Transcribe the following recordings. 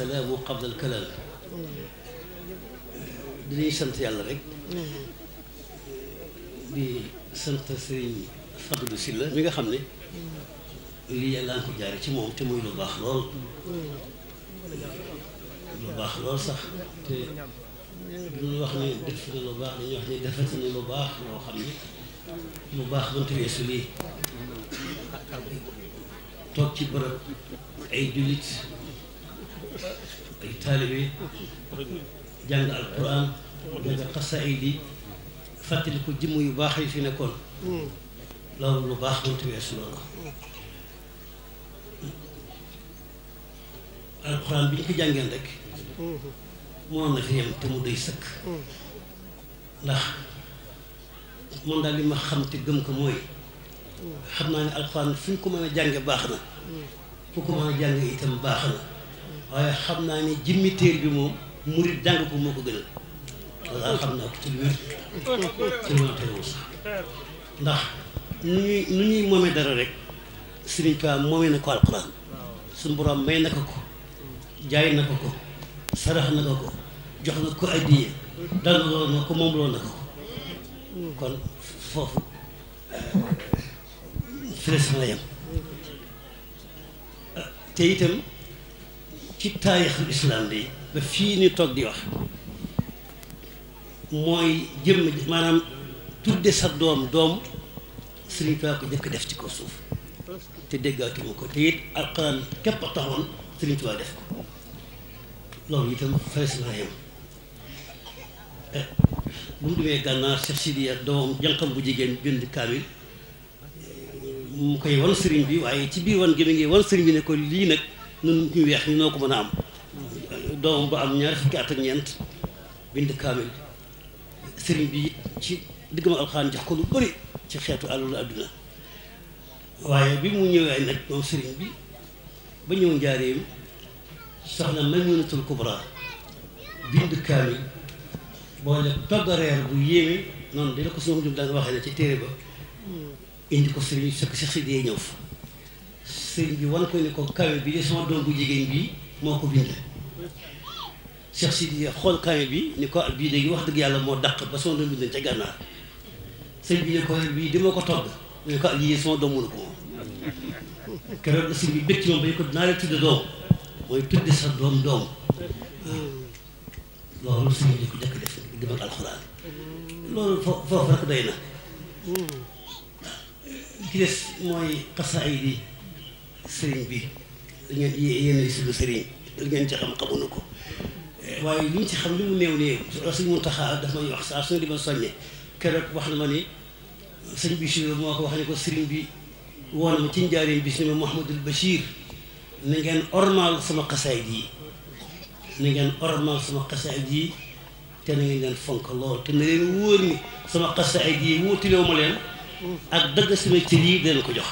salaamu qabla al kalaam dañuy sant yàlla rek di sant sëriñ Fadlu Silla mi nga xam ne li yàlla ko jaare ci moom te muy lu baax lool lu baax lool sax te duñu wax lu baax dañuy wax lu baax loo xam ne lu baax mënta weesu lii toog ci bërëb ay jullit ay taalibe jàng alquran jàng xasaayid yi fàttali ko jëmm yu baax yi fi nekkoon loolu lu baax mënta weesu loolu alquran bi ñu ko jàngeen rek moom na fi yem te mu doy sëkk ndax moom daal li ma xam te ko mooy naa ne alquran fu ko mën a baax na fu ko mën a jànge itam baax na waaye xam naa ni jimmi téer bi moom murit jàng ko moo ko gënal walla xam naa ko ci lu wér ci lu ma teewus ndax nu ñuy nu ñuy moomee dara rek Sëriñ na ko alxuraan suñu borom may na ko jaay na ko ko sarax na ko ko jox na ko addiye dal loolu na ko moom loolu na ko kon foofu fële sama yem te itam ci taarixul islam bi ba fii ni toog di wax mooy jëmm maanaam tudde sa doom doom Sëriñ Tuubaa ko jëkk def ci ko suuf te déggaatuma ko te it alxuraan képp taxoon Sëriñ Tuubaa def ko loolu itam fayas naa yem bu mu demee gànnaar Cheikh Sidiya doomam jànqam bu jigéen bind kaamil mu koy wan sëriñ bi waaye ci biir wan gi mi ngi wan sëriñ bi ne ko lii nag ñun ñu weex ñu noo ko mën a am doom ba am ñaari fukki at ak ñeent bind kaamil sëriñ bi ci diggam alxaan jox ko lu bëri ci xeetu àllalu àdduna waaye bi mu ñëwee nag moom sëriñ bi ba ñëw njaareem soxna Maymunatul Kubra bind kaamil boole toggareer bu yéeme noonu di la ko suñu jum daan waxee ne ci téere ba indi ko sëriñ sëkk si si dee ñëw fa sëriñ bi wan ko ni ko kawe bi de sama doom bu jigéen bii moo ko bind Cheikh Sidi xool kawe bi ni ko bii léegi wax dëgg yàlla moo daq ba sama doom bind ca gànnaar sëriñ bi ne ko bii di ma doom mooy tudd sa doom doom loolu sëriñ bi ko jëkk def dem ak alxuraan loolu foofu rek doy na ki des mooy xasaay yi sëriñ bi ñu yéen sunu sëriñ li ngeen ci xam xamuñu ko eh, waaye li ñu ci xam li mu néew néew sëñ Muntaxa daf may wax saa su ne di ma soññe keroog wax na ma ni sëñ Bichir moo ko wax ne ko sëriñ bi woon ma ci njaareen bis ni ma Mouhamadul Bachir na ngeen ormal sama xasaay yi na ngeen ormal sama xasaay yi te na ngeen fonk lool te na leen wóor ni sama xasaay yi wóotiloo ma leen ak dëgg sama cër yi dana ko jox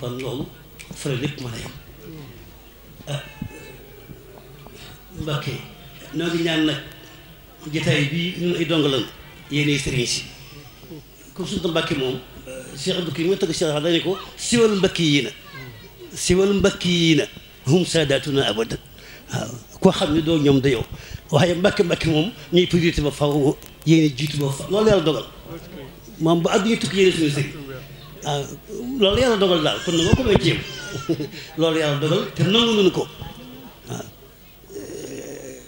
kon loolu fa la lépp mën a yem ah, mbokk yi noo ngi ñaan nag jataay bii ñun ay dong lan yéenay sëriñ si comme suñu mbàkki moom eh, Cheikh Abdou Karim mu tëgg Cheikh dañu ko siwal mbakki yi na mbakki yi na hum saadaatuna abadan waaw koo xam ne doo ñoom da yow waaye mbàkki mbàkki moom ñuy priorité ba faw yéen jiitu ba faw loolu yàlla dogal moom ba àdduna tukki yéen suñu sëriñ waaw loolu yàlla dogal daal kon moo ko may jéem loolu yàlla dogal te nangu nañu ko waaw ah. eh,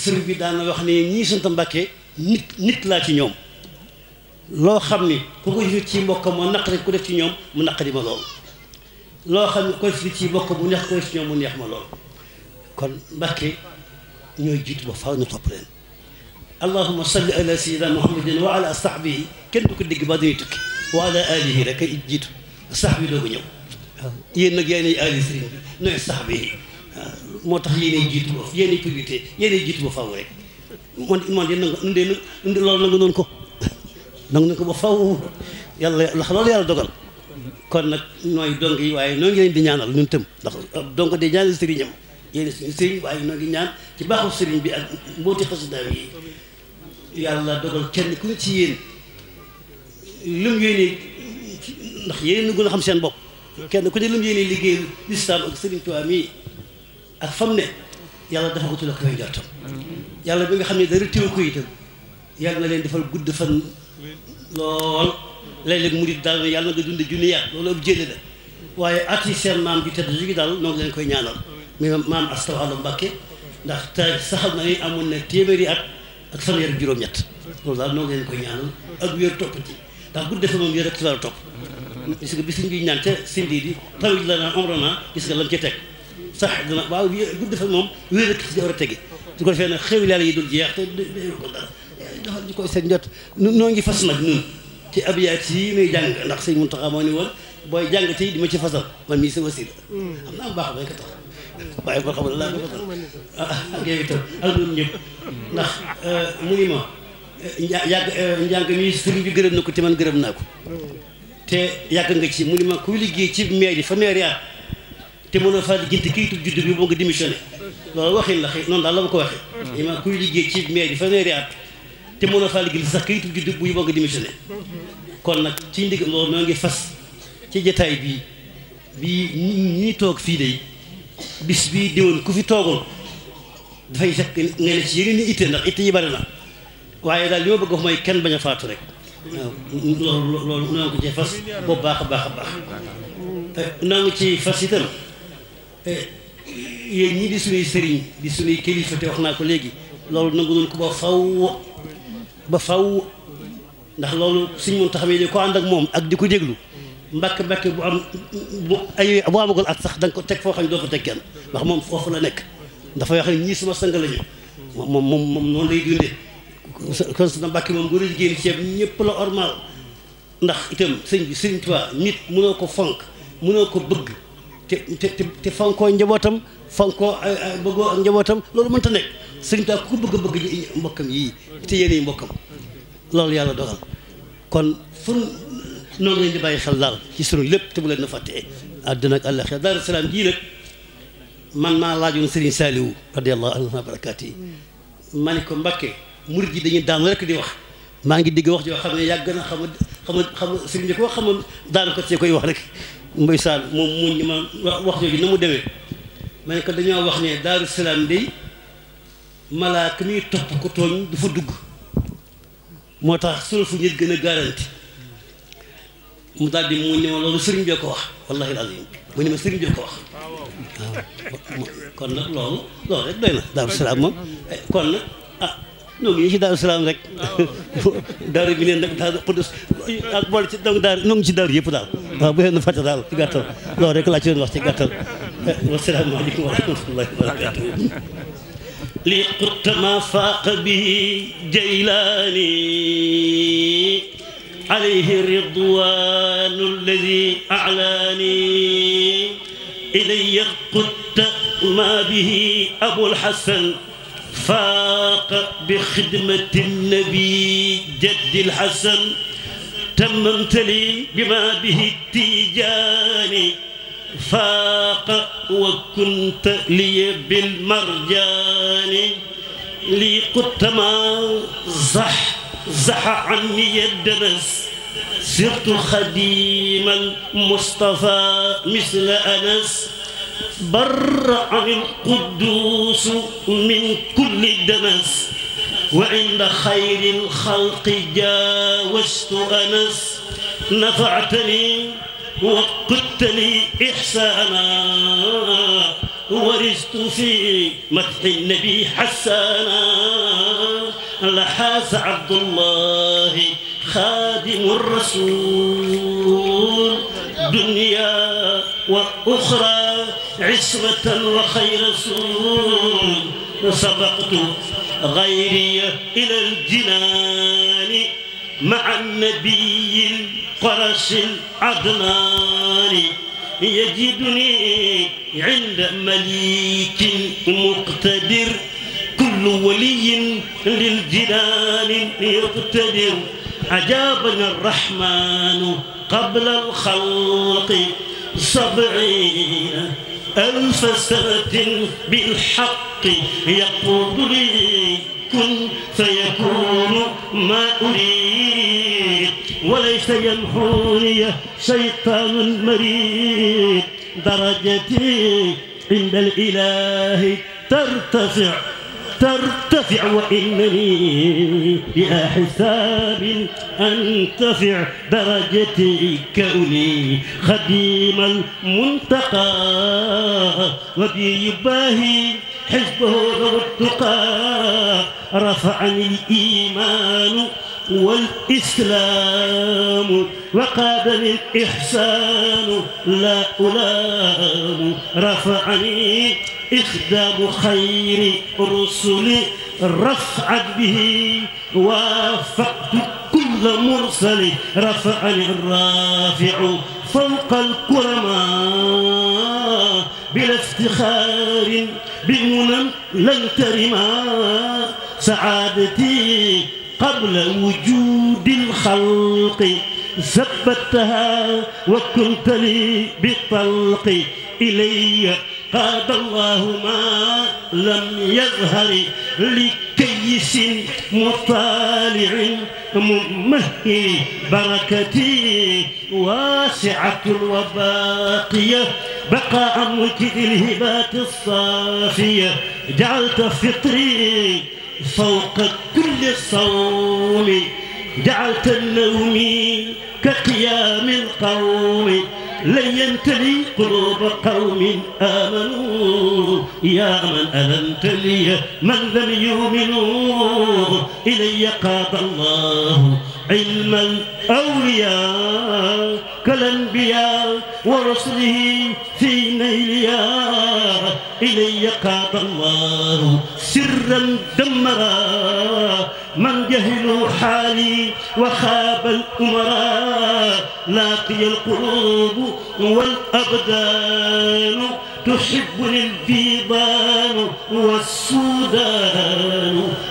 sëriñ bi daana wax ne ñii sant nit nit laa ci ñoom loo xam ni ku ko jëfee ci mbokk ma naqari ku def ci ñoom mu naqari ma lool loo xam ne ko ci mbokk mu neex ko neex ma kon Mbàkke ñoo jiitu ba faaw ñu topp leen allahuma salli ala sayyidina muhammadin wa ala sahbihi kenn du ko dégg ba wa ala alihi rek ay jiitu sahbi doogu ñëw waaw yéen nag yéenay aali sëriñ bi nooy sax moo tax yéenay jiitu ba yéenay publicité yéenay jiitu ba faw rek man man de nangu ndee na loolu nangu noonu ko nangu noonu ko ba faw yàlla ndax loolu yàlla dogal kon nag nooy dong yi waaye noo di ñaanal ñun tëm ndax donc de ñaanal sëriñam yéen suñu sëriñ waaye noo ngi ñaan ci baaxu sëriñ bi ak mbooti xasidaam yi yàlla dogal kenn ku ci yéen lim yéene ndax yéen a a xam seen bopp kenn ku ne lu mu yéene liggéey lislaam ak Sëriñ Tuubaa mii ak fam ne yàlla dafa ko tuloo ko fay jortam yàlla bi nga xam ne dara téew ko leen defal gudd fan lool léeg-léeg mu daal yàlla nga dund junni yàgg loolu at yi seen maam bi tedd ligi daal noo leen koy ñaanal mi maam ndax te saxal na amoon na téeméeri at ak fanweer juróom-ñett loolu daal noo ngi leen koy ñaanal ak topp ndax gudd fan moom yéen rek ci war topp gis si bis ñuy ñaan ca sindi di tawi la na omro na gis nga lam ci teg sax dina gudd fa moom wéer rek gis nga war a tegi su ko defee nag xewi yi dul jeex te ko dara doxal ñu koy noo ngi fas nag ñun ci abiyaat yi muy jàng ndax sëñ Muntaxa moo ni woon booy jàng tey di ma ci fasal man mii sa wasila hmm. am naa baax bay ko tax waaye ko tax ah, ak yow itam ak ñun ñëpp ndax euh, muy ma yàgg euh, euh, njàng mi sëriñ bi gërëm na ko te man gërëm naa ko hmm. te yàgg nga ci mu ni ma kuy liggéey ci mairie fanweeri at te mënoo faa lijjanti kayitu bi moo nga démissionné loolu waxin la xëy noonu daal ko waxee ni liggéey ci mairie fanweeri at te mënoo sax kayitu juddu bu moo nga démissionné kon nag ci ndigam loolu noo ngi fas ci jataay bii bii ñu toog fii de bis bii diwoon ku fi toogul dafay fekk nga ne ci yeneen i itte ndax itte yi bari na waaye daal li ma bëgg wax mooy kenn bañ a faatu rek loolu loolu naa ko ci fas bu baax a baax a baax naa ngi ci fas itam yéen ñii di suñuy sëriñ di suñuy kilifa te wax naa ko léegi loolu nangu noonu ko ba faw ba faw ndax loolu suñ moom taxamee di ko moom ak di ko déglu mbàkk mbàkk bu am bu ay bu sax da ko teg foo xam ne doo fa teg kenn ndax moom foofu la nekk dafay wax ne ñii suma sang lañu moom moom moom noonu lay dundee kon su na Mbàkke moom bu rëy génn ceeb ñëpp la ormal ndax itam sëñ bi sëriñ Tuubaa nit mënoo ko fonk mënoo ko bëgg te te te fonkoo njabootam fonkoo bëggoo ak njabootam loolu mënta nekk sëriñ Tuubaa ku bëgg bëgg mbokkam yii te yéen yi mbokkam loolu yàlla dogal kon fu noonu leen di bàyyi xel daal ci sunu lépp te bu leen na fàttee àddina ak àllaxira Daaru Salaam jii nag man maa laajoon sëriñ Saaliwu radiyallahu anhu wa barakaatu yi ko Mbàkke murit yi dañuy daanu rek di wax maa ngi digg wax joo xam ne yàgg na xam xama xama sëriñ bi ko wax xama daanu ko see koy wax rek mbay saan moom ma wax jooju na mu demee ma ne ko dañoo wax ne daaru salaam day malaaka mi ko tooñ fa dugg tax solo fu gën a daal di mu ne ma loolu sëriñ bee ko wax wallahi alazim mu ne ma sëriñ bee ko wax kon nag loolu loolu rek doy na daaru salaam moom eh, kon nag ah, ñoo ngi ci daaru salaam rek daaru bi neen nag daaru xudus ak boole ci donc daaru ñoo ngi ci daaru yëpp daal waaw bu leen na fàtte daal ci gàttal loolu rek laa ci doon wax ci gàttal eh, wasalaamaaleykum wa rahmatullahi wa barakatu li qutama faaq bi jaylaani alayhi ridwanu alladi alaani ilaya qutta ma bihi abul hasan فاق بخدمة النبي جد الحسن تممت لي بما به التيجان فاق وكنت لي بالمرجان لي قدت ما زح زح عني الدنس صرت خديم المصطفى مثل أنس برأني القدوس من كل دنس وعند خير الخلق جاوزت أنس نفعتني وقدتني إحسانا ورزت في مدح النبي حسانا لحاز عبد الله خادم الرسول دنيا وأخرى عسرة وخير سرور سبقت غيري إلى الجنان مع النبي القرش العدنان يجدني عند مليك مقتدر كل ولي للجنان يقتدر أجابنا الرحمن قبل الخلق سبعين ألف سنة بالحق يقول لي كن فيكون ما أريد وليس يمحوني شيطان المريد درجتي عند الإله ترتفع ترتفع وإنني بلا حساب أنتفع درجتي كوني خديم المنتقى وبي يباهي حزبه والتقى رفعني الإيمان والإسلام وقادني الإحسان لا ألام رفعني إخدام خير الرسل رفعت به وافقت كل مرسل رفعني الرافع فوق الكرماء بلا افتخار بمنى لن ترما سعادتي قبل وجود الخلق ثبتها وكنت لي بالطلق إلي قاد الله ما لم يظهر لكيس مطالع ممهل بركتي واسعة وباقية بقاء ملك الهبات الصافية جعلت فطري فوق كل صوم جعلت النوم كقيام القوم لن يمتلي قلوب قوم آمنوا يا من ألمت لي من لم يؤمنوا إلي قاد الله علم الأولياء كالأنبياء ورسله في نيليا إلي قاد الله سرا دمرا من جهلوا حالي وخاب الأمراء لاقي القلوب والأبدان تحبني البيضان والسودان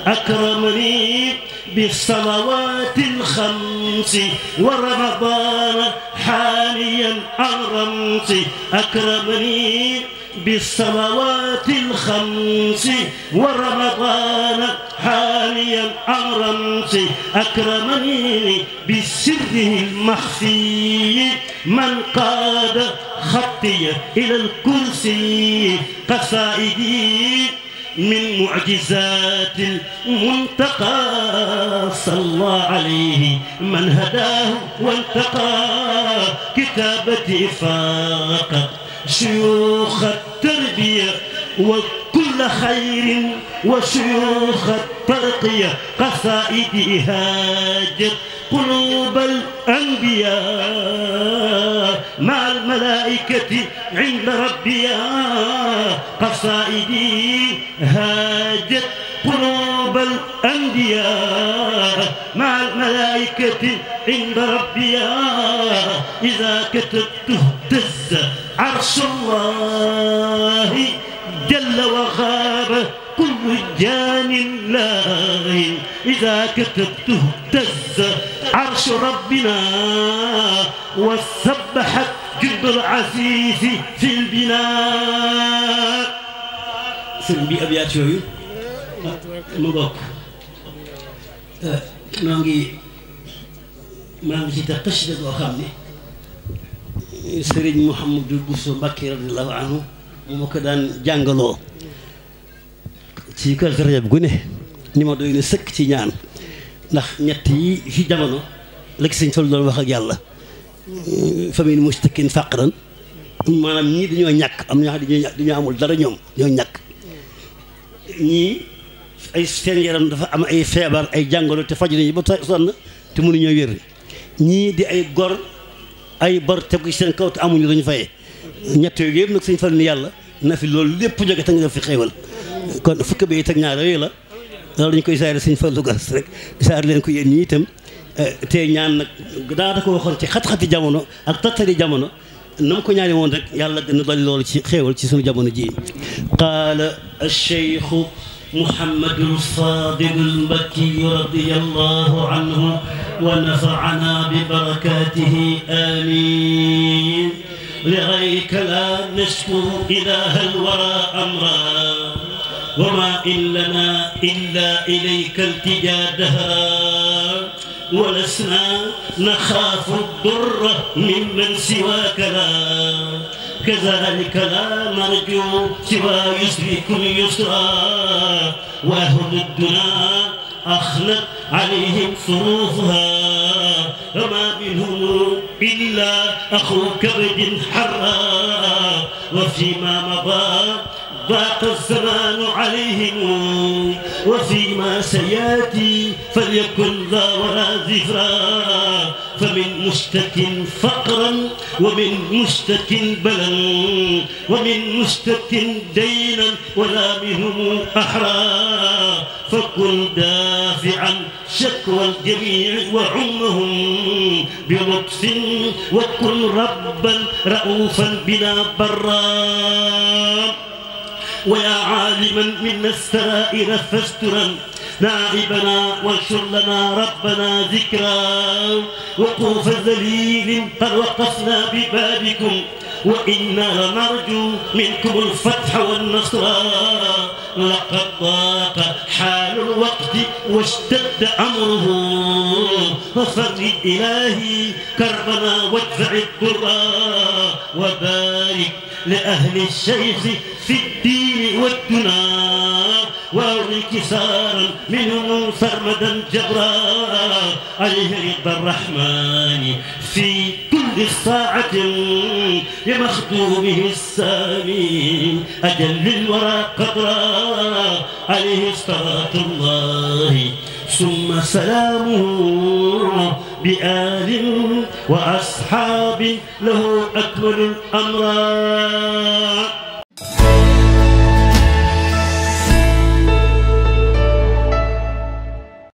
أكرمني بالصلوات الخمس ورمضان حاليا أغرمت أكرمني بالصلوات الخمس ورمضان حاليا أغرمت أكرمني بسره المخفي من قاد خطي إلى الكرسي قصائدي من معجزات المنتقى صلى عليه من هداه وانتقى كتابتي فاقت شيوخ التربية وكل خير وشيوخ الترقية قصائدي هاجت قلوب الأنبياء مع الملائكة عند ربي قصائدي هاجت قلوب الأنبياء مع الملائكة عند ربي إذا كتبته اهتز عرش الله جل وغاب كل جان الله إذا كتبته اهتز عرش ربنا وسبحت جد العزيز في البناء sëñ bi abyaat yooyu mu bokk maa eh, ngi maa ngi ci tax xasida goo xam ne sëriñ Mouhamadou Bousso Mbacké radiallahu anhu mu ma ko daan jàngaloo ci kal rajab gu ne ni ma doy na sëkk ci ñaan ndax ñett yi ci jamono la ki sëñ sol doon wax ak yàlla famille mustakin fàqran maanaam ñii dañoo ñàkk am na ñoo xam ne dañoo amul dara ñoom ñoo ñàkk ñii ay seen yaram dafa am ay feebar ay jàngoro te faj nañu ba sonn te ñoo wér ñii di ay gor ay bor tegu seen kaw te amuñu lu ñu fayee ñett yooyu yëpp nag sëñ fal ni yàlla na fi loolu lépp jóge te nga fi xéewal kon fukk bi it ñaar yooyu la loolu dañ koy isaare sëñ Fallou Gass rek isaare leen ko yéen ñi itam eh, te ñaan nag daanaka ko waxoon ci xat-xati jamono ak tattari jamono na mu ko ñaari woon rek yàlla gën a dolli loolu ci xéewal ci suñu jamono ji qaala alcheikhu muhammadu sadiqu lmakkiyu radiyallahu anhu wa nafaana bi barakatihi amin li ghayrika la nashkuru ilaha alwara amra وما إن لنا إلا إليك التجا دهرا ولسنا نخاف الضر ممن سواك لا كذلك لا نرجو سوى يسركم يسرا وأهل الدنا أخلت عليهم صروفها وما منهم إلا أخو كبد حرا وفيما مضى ضاق الزمان عليهم وفيما سياتي فليكن ذا ولا ذفرا فمن مشتك فقرا ومن مشتك بلا ومن مشتك دينا ولا بهم أحرى فكن دافعا شكوى الجميع وعمهم بلطف وكن ربا رؤوفا بنا برا ويا عالما منا السرائر فاسترا نائبنا وانشر لنا ربنا ذكرا وقوف ذليل قد وقفنا ببابكم وإنا نرجو منكم الفتح والنصر لقد ضاق حال الوقت واشتد أمره ففرج إلهي كربنا وادفع الضرى وبارك لأهل الشيخ في الدين والدنا وانكسارا منهم سرمدا جبرا عليه رضا الرحمن في كل للساعة بمخدومه السامي أجل للورى قدرا عليه صلاة الله ثم سلامه بآل وأصحاب له أكمل الأمراء